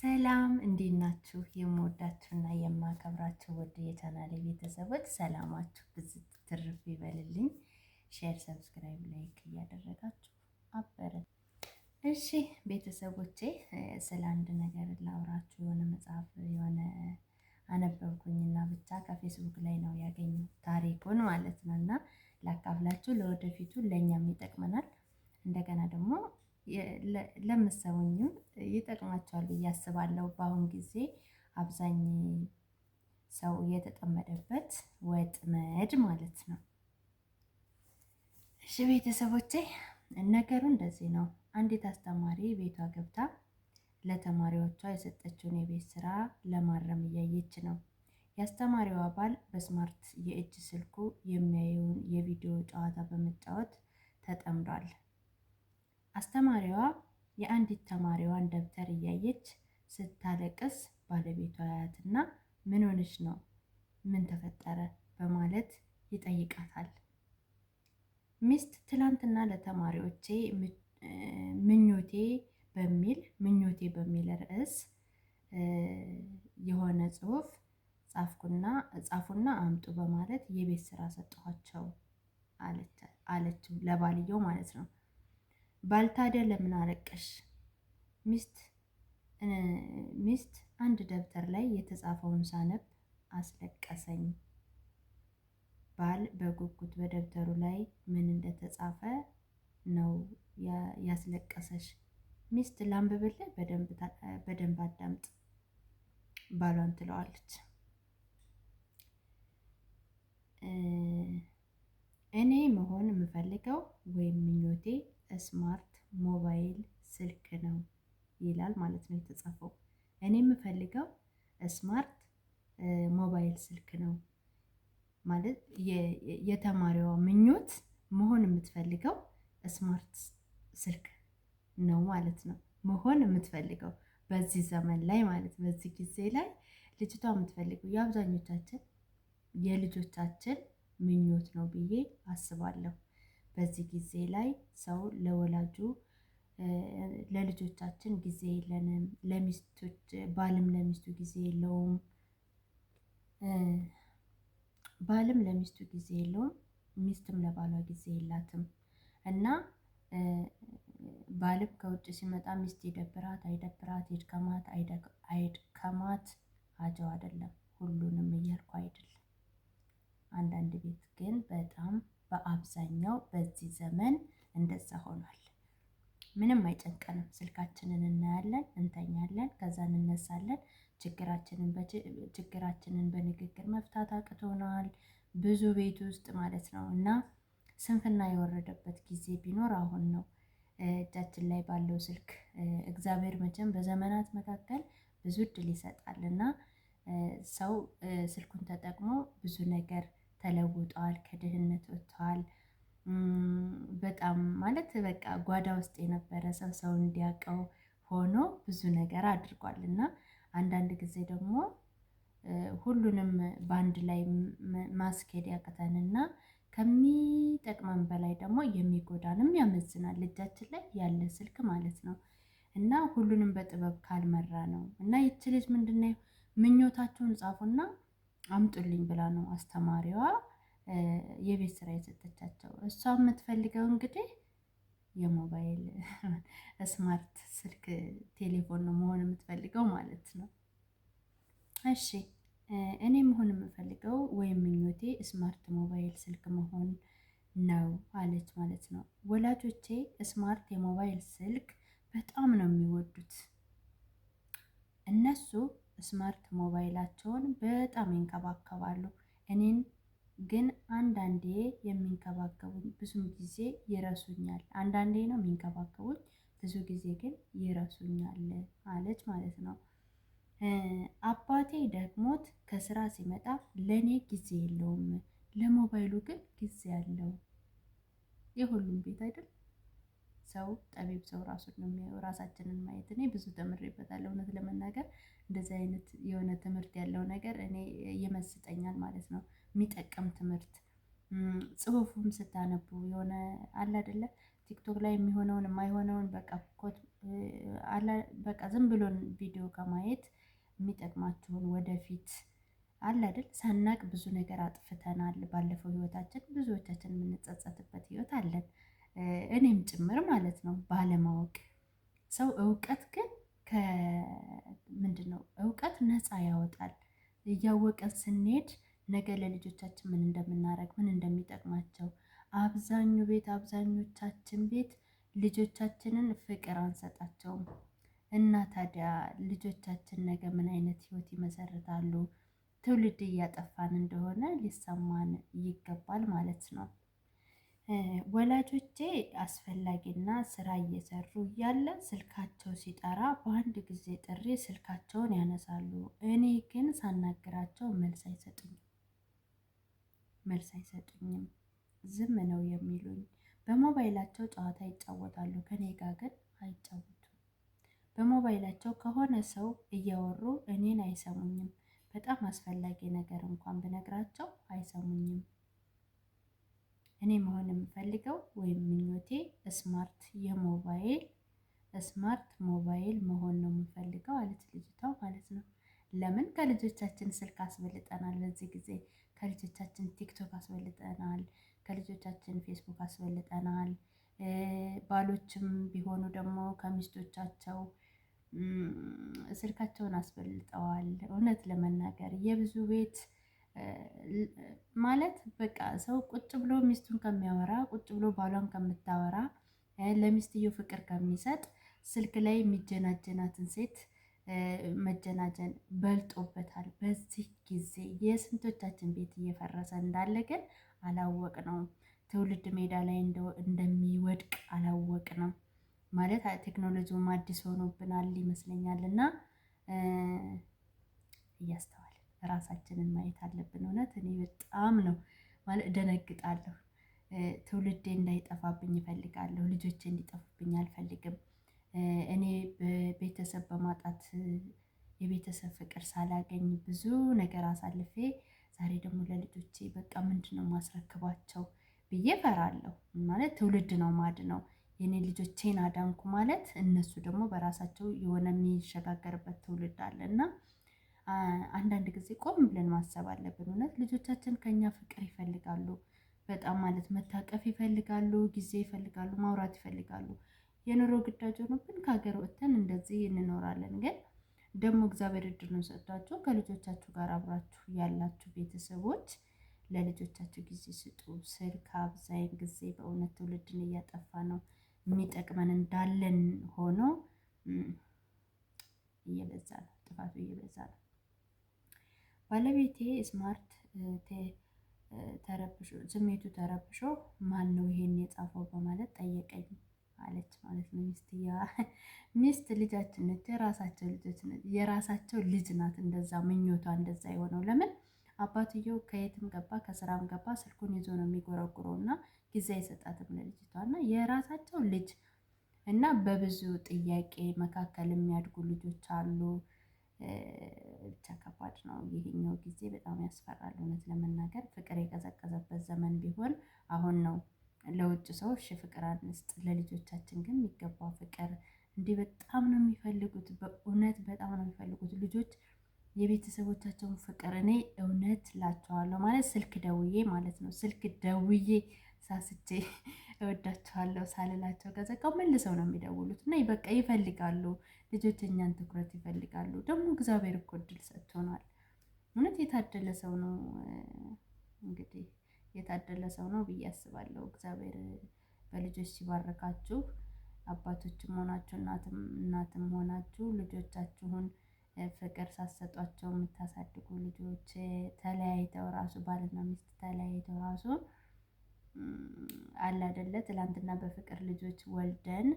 ሰላም እንዴት ናችሁ? የምወዳችሁና የማከብራችሁ ውድ የቻናሌ ቤተሰቦች ሰላማችሁ ብዝት ትርፍ ይበልልኝ። ሼር፣ ሰብስክራይብ፣ ላይክ እያደረጋችሁ አበረ። እሺ ቤተሰቦቼ ስለ አንድ ነገር ላውራችሁ። የሆነ መጽሐፍ የሆነ አነበብኩኝና ብቻ ከፌስቡክ ላይ ነው ያገኙ ታሪኩን ማለት ነው እና ላካፍላችሁ። ለወደፊቱ ለእኛም ይጠቅመናል። እንደገና ደግሞ ለምትሰሙኝም ይጠቅማቸዋል ብዬ አስባለሁ። በአሁን ጊዜ አብዛኛው ሰው የተጠመደበት ወጥመድ ማለት ነው። እሺ ቤተሰቦቼ ነገሩ እንደዚህ ነው። አንዲት አስተማሪ ቤቷ ገብታ ለተማሪዎቿ የሰጠችውን የቤት ስራ ለማረም እያየች ነው። የአስተማሪው አባል በስማርት የእጅ ስልኩ የሚያየውን የቪዲዮ ጨዋታ በመጫወት ተጠምዷል። አስተማሪዋ የአንዲት ተማሪዋን ደብተር እያየች ስታለቅስ ባለቤቷ ያያትና ምን ሆነች ነው ምን ተፈጠረ በማለት ይጠይቃታል። ሚስት ትላንትና ለተማሪዎቼ ምኞቴ በሚል ምኞቴ በሚል ርዕስ የሆነ ጽሑፍ ጻፍኩና ጻፉና አምጡ በማለት የቤት ስራ ሰጠኋቸው አለችው ለባልየው ማለት ነው። ባልታደ ለምን አለቀሽ? ሚስት ሚስት አንድ ደብተር ላይ የተጻፈውን ሳነብ አስለቀሰኝ። ባል በጉጉት በደብተሩ ላይ ምን እንደተጻፈ ነው ያስለቀሰሽ? ሚስት ላንብብልህ፣ በደንብ አዳምጥ ባሏን ትለዋለች። እኔ መሆን የምፈልገው ወይም ምኞቴ ስማርት ሞባይል ስልክ ነው ይላል ማለት ነው የተጻፈው። እኔ የምፈልገው ስማርት ሞባይል ስልክ ነው ማለት የተማሪዋ ምኞት መሆን የምትፈልገው ስማርት ስልክ ነው ማለት ነው። መሆን የምትፈልገው በዚህ ዘመን ላይ ማለት በዚህ ጊዜ ላይ ልጅቷ የምትፈልገው የአብዛኞቻችን የልጆቻችን ምኞት ነው ብዬ አስባለሁ። በዚህ ጊዜ ላይ ሰው ለወላጁ ለልጆቻችን ጊዜ የለንም፣ ለሚስቶች ባልም ለሚስቱ ጊዜ የለውም፣ ባልም ለሚስቱ ጊዜ የለውም፣ ሚስትም ለባሏ ጊዜ የላትም እና ባልም ከውጭ ሲመጣ ሚስት ይደብራት አይደብራት ይድከማት አይድከማት አጀው አይደለም። ሁሉንም እያልኩ አይደለም። አንዳንድ ቤት ግን በጣም በአብዛኛው በዚህ ዘመን እንደዛ ሆኗል። ምንም አይጨንቀንም። ስልካችንን እናያለን፣ እንተኛለን፣ ከዛ እንነሳለን። ችግራችንን በንግግር መፍታት አቅቶናል። ብዙ ቤት ውስጥ ማለት ነው እና ስንፍና የወረደበት ጊዜ ቢኖር አሁን ነው። እጃችን ላይ ባለው ስልክ እግዚአብሔር መቼም በዘመናት መካከል ብዙ እድል ይሰጣል እና ሰው ስልኩን ተጠቅሞ ብዙ ነገር ተለውጠዋል፣ ከድህነት ወጥተዋል። በጣም ማለት በቃ ጓዳ ውስጥ የነበረ ሰው ሰው እንዲያውቀው ሆኖ ብዙ ነገር አድርጓል እና አንዳንድ ጊዜ ደግሞ ሁሉንም በአንድ ላይ ማስኬድ ያቅተንና ከሚጠቅመን በላይ ደግሞ የሚጎዳንም ያመዝናል። እጃችን ላይ ያለ ስልክ ማለት ነው እና ሁሉንም በጥበብ ካልመራ ነው እና ይቺ ልጅ ምንድነው ምኞታቸውን ጻፉና አምጡልኝ ብላ ነው አስተማሪዋ የቤት ስራ የሰጠቻቸው። እሷ የምትፈልገው እንግዲህ የሞባይል ስማርት ስልክ ቴሌፎን ነው መሆን የምትፈልገው ማለት ነው። እሺ እኔ መሆን የምፈልገው ወይም ምኞቴ ስማርት ሞባይል ስልክ መሆን ነው አለች ማለት ነው። ወላጆቼ ስማርት የሞባይል ስልክ በጣም ነው የሚወዱት እነሱ ስማርት ሞባይላቸውን በጣም ይንከባከባሉ። እኔን ግን አንዳንዴ የሚንከባከቡኝ ብዙ ጊዜ ይረሱኛል። አንዳንዴ ነው የሚንከባከቡኝ ብዙ ጊዜ ግን ይረሱኛል አለች ማለት ነው። አባቴ ደክሞት ከስራ ሲመጣ ለኔ ጊዜ የለውም ለሞባይሉ ግን ጊዜ አለው። የሁሉም ቤት አይደል ሰው ጠቢብ ሰው ራሱን ነው የሚያየው። ራሳችንን ማየት እኔ ብዙ ተምሬበታለሁ። እውነት ለመናገር እንደዚህ አይነት የሆነ ትምህርት ያለው ነገር እኔ ይመስጠኛል ማለት ነው። የሚጠቅም ትምህርት ጽሁፉም ስታነቡ የሆነ አለ አይደለ ቲክቶክ ላይ የሚሆነውን የማይሆነውን በቃ ኮት አለ በቃ ዝም ብሎን ቪዲዮ ከማየት የሚጠቅማችሁን ወደፊት አለ አይደል ሳናቅ ብዙ ነገር አጥፍተናል። ባለፈው ህይወታችን ብዙዎቻችን የምንጸጸትበት ህይወት አለን። እኔም ጭምር ማለት ነው ባለማወቅ ሰው እውቀት ግን ምንድነው ነው እውቀት ነፃ ያወጣል። እያወቀን ስንሄድ ነገ ለልጆቻችን ምን እንደምናደረግ ምን እንደሚጠቅማቸው አብዛኙ ቤት አብዛኞቻችን ቤት ልጆቻችንን ፍቅር አንሰጣቸውም። እና ታዲያ ልጆቻችን ነገ ምን አይነት ህይወት ይመሰርታሉ? ትውልድ እያጠፋን እንደሆነ ሊሰማን ይገባል ማለት ነው። ወላጆቼ አስፈላጊና ስራ እየሰሩ እያለ ስልካቸው ሲጠራ በአንድ ጊዜ ጥሪ ስልካቸውን ያነሳሉ። እኔ ግን ሳናግራቸው መልስ አይሰጡኝም መልስ አይሰጡኝም ዝም ነው የሚሉኝ። በሞባይላቸው ጨዋታ ይጫወታሉ፣ ከኔ ጋር ግን አይጫወቱም። በሞባይላቸው ከሆነ ሰው እያወሩ እኔን አይሰሙኝም። በጣም አስፈላጊ ነገር እንኳን ብነግራቸው አይሰሙኝም። እኔ መሆን የምፈልገው ወይም ምኞቴ ስማርት የሞባይል ስማርት ሞባይል መሆን ነው የምፈልገው አለች ልጅቷ ማለት ነው። ለምን ከልጆቻችን ስልክ አስበልጠናል። በዚህ ጊዜ ከልጆቻችን ቲክቶክ አስበልጠናል። ከልጆቻችን ፌስቡክ አስበልጠናል። ባሎችም ቢሆኑ ደግሞ ከሚስቶቻቸው ስልካቸውን አስበልጠዋል። እውነት ለመናገር የብዙ ቤት ማለት በቃ ሰው ቁጭ ብሎ ሚስቱን ከሚያወራ ቁጭ ብሎ ባሏን ከምታወራ ለሚስትየው ፍቅር ከሚሰጥ ስልክ ላይ የሚጀናጀናትን ሴት መጀናጀን በልጦበታል። በዚህ ጊዜ የስንቶቻችን ቤት እየፈረሰ እንዳለ ግን ነው ትውልድ ሜዳ ላይ እንደሚወድቅ ነው። ማለት ቴክኖሎጂውም አዲስ ሆኖብናል ይመስለኛል እና እያስተዋል ራሳችንን ማየት አለብን። እውነት እኔ በጣም ነው ማለት ደነግጣለሁ። ትውልዴ እንዳይጠፋብኝ ይፈልጋለሁ ልጆቼ እንዲጠፉብኝ አልፈልግም። እኔ በቤተሰብ በማጣት የቤተሰብ ፍቅር ሳላገኝ ብዙ ነገር አሳልፌ ዛሬ ደግሞ ለልጆቼ በቃ ምንድን ነው ማስረክባቸው ብዬ ፈራለሁ ማለት ትውልድ ነው ነው የኔ ልጆቼን አዳንኩ ማለት እነሱ ደግሞ በራሳቸው የሆነ የሚሸጋገርበት ትውልድ አለ እና አንዳንድ ጊዜ ቆም ብለን ማሰብ አለብን። እውነት ልጆቻችን ከኛ ፍቅር ይፈልጋሉ፣ በጣም ማለት መታቀፍ ይፈልጋሉ፣ ጊዜ ይፈልጋሉ፣ ማውራት ይፈልጋሉ። የኑሮ ግዳጅ ሆኖብን ከሀገር ወጥተን እንደዚህ እንኖራለን። ግን ደግሞ እግዚአብሔር እድሉን ሰጥቷችሁ ከልጆቻችሁ ጋር አብራችሁ ያላችሁ ቤተሰቦች ለልጆቻችሁ ጊዜ ስጡ። ስልክ አብዛይን ጊዜ በእውነት ትውልድን እያጠፋ ነው። የሚጠቅመን እንዳለን ሆኖ እየበዛ ነው፣ ጥፋቱ እየበዛ ነው። ባለቤቴ ስማርት ተረብሾ ስሜቱ ተረብሾ ማን ነው ይሄን የጻፈው በማለት ጠየቀኝ አለች ማለት ነው። ሚስትያ ሚስት ልጃችን ነች፣ የራሳቸው ልጆች የራሳቸው ልጅ ናት። እንደዛ ምኞቷ እንደዛ የሆነው ለምን አባትየው ከየትም ገባ ከስራም ገባ ስልኩን ይዞ ነው የሚጎረጉረው እና ጊዜ አይሰጣትም ለልጅቷ እና የራሳቸው ልጅ እና በብዙ ጥያቄ መካከል የሚያድጉ ልጆች አሉ። ብቻ ከባድ ነው። ይሄኛው ጊዜ በጣም ያስፈራል። እውነት ለመናገር ፍቅር የቀዘቀዘበት ዘመን ቢሆን አሁን ነው። ለውጭ ሰው እሺ ፍቅር አንስጥ፣ ለልጆቻችን ግን የሚገባ ፍቅር እንዲህ በጣም ነው የሚፈልጉት። በእውነት በጣም ነው የሚፈልጉት ልጆች የቤተሰቦቻቸውን ፍቅር። እኔ እውነት ላቸዋለሁ ማለት ስልክ ደውዬ ማለት ነው ስልክ ደውዬ ሳስቼ እወዳቸዋለሁ ሳልላቸው ከዘጋው መልሰው ነው የሚደውሉት እና በቃ ይፈልጋሉ። ልጆች እኛን ትኩረት ይፈልጋሉ። ደግሞ እግዚአብሔር እኮ እድል ሰጥቶናል። እውነት የታደለ ሰው ነው። እንግዲህ የታደለ ሰው ነው ብዬ አስባለሁ። እግዚአብሔር በልጆች ሲባርካችሁ አባቶችም ሆናችሁ እናትም እናትም ሆናችሁ ልጆቻችሁን ፍቅር ሳሰጧቸው የምታሳድጉ ልጆች ተለያይተው ራሱ ባልና ሚስት ተለያይተው ራሱ አላደለ ትላንትና በፍቅር ልጆች ወልደን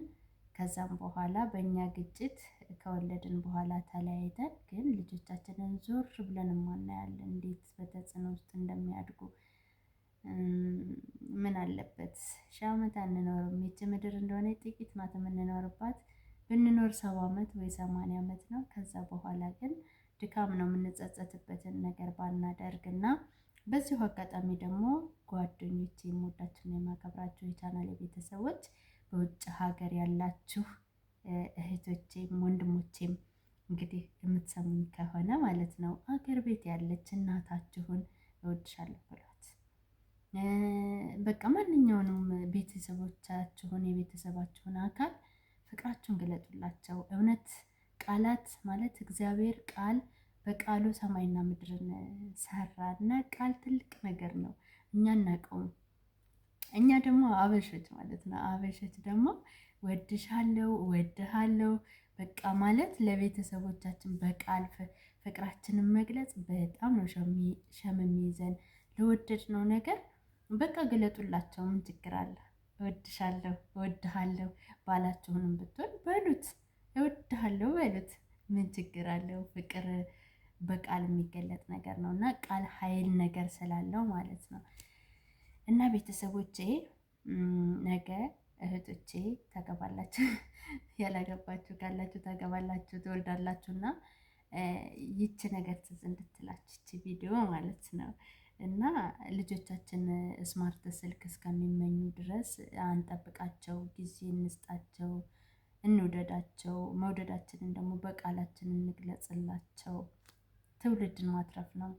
ከዛም በኋላ በእኛ ግጭት ከወለድን በኋላ ተለያይተን ግን ልጆቻችንን ዞር ብለን ማናያለን እንዴት በተጽዕኖ ውስጥ እንደሚያድጉ። ምን አለበት ሺህ ዓመት አንኖርም። ይቺ ምድር እንደሆነ ጥቂት ናት የምንኖርባት። ብንኖር ሰባ ዓመት ወይ ሰማንያ ዓመት ነው። ከዛ በኋላ ግን ድካም ነው የምንጸጸትበትን ነገር ባናደርግ እና በዚሁ አጋጣሚ ደግሞ ጓደኞቼ የምወዳችሁ የማከብራችሁ የቻናል ቤተሰቦች በውጭ ሀገር ያላችሁ እህቶቼም ወንድሞቼም እንግዲህ የምትሰሙኝ ከሆነ ማለት ነው አገር ቤት ያለች እናታችሁን እወድሻለሁ ብሏት። በቃ ማንኛውንም ቤተሰቦቻችሁን የቤተሰባችሁን አካል ፍቅራችሁን ግለጡላቸው። እውነት ቃላት ማለት እግዚአብሔር ቃል በቃሉ ሰማይና ምድርን ሰራና ቃል ትልቅ ነገር ነው። እኛ እናቀውም እኛ ደግሞ አበሾች ማለት ነው። አበሾች ደግሞ ወድሻለው ወድሃለው በቃ ማለት ለቤተሰቦቻችን በቃል ፍቅራችንን መግለጽ በጣም ነው ይዘን የሚይዘን። ለወደድነው ነገር በቃ ግለጡላቸው። ምን ችግር አለ? እወድሻለሁ እወድሃለሁ ባላችሁንም ብትሆን በሉት፣ እወድሃለሁ በሉት። ምን ችግር አለው? ፍቅር በቃል የሚገለጥ ነገር ነው እና ቃል ኃይል ነገር ስላለው ማለት ነው። እና ቤተሰቦቼ ነገ እህቶቼ ታገባላችሁ፣ ያላገባችሁ ካላችሁ ታገባላችሁ፣ ትወልዳላችሁ እና ይቺ ነገር ትዝ እንድትላችሁ ይቺ ቪዲዮ ማለት ነው እና ልጆቻችን ስማርት ስልክ እስከሚመኙ ድረስ አንጠብቃቸው፣ ጊዜ እንስጣቸው፣ እንውደዳቸው። መውደዳችንን ደግሞ በቃላችን እንግለጽላቸው። ትውልድን ማትረፍ ነው።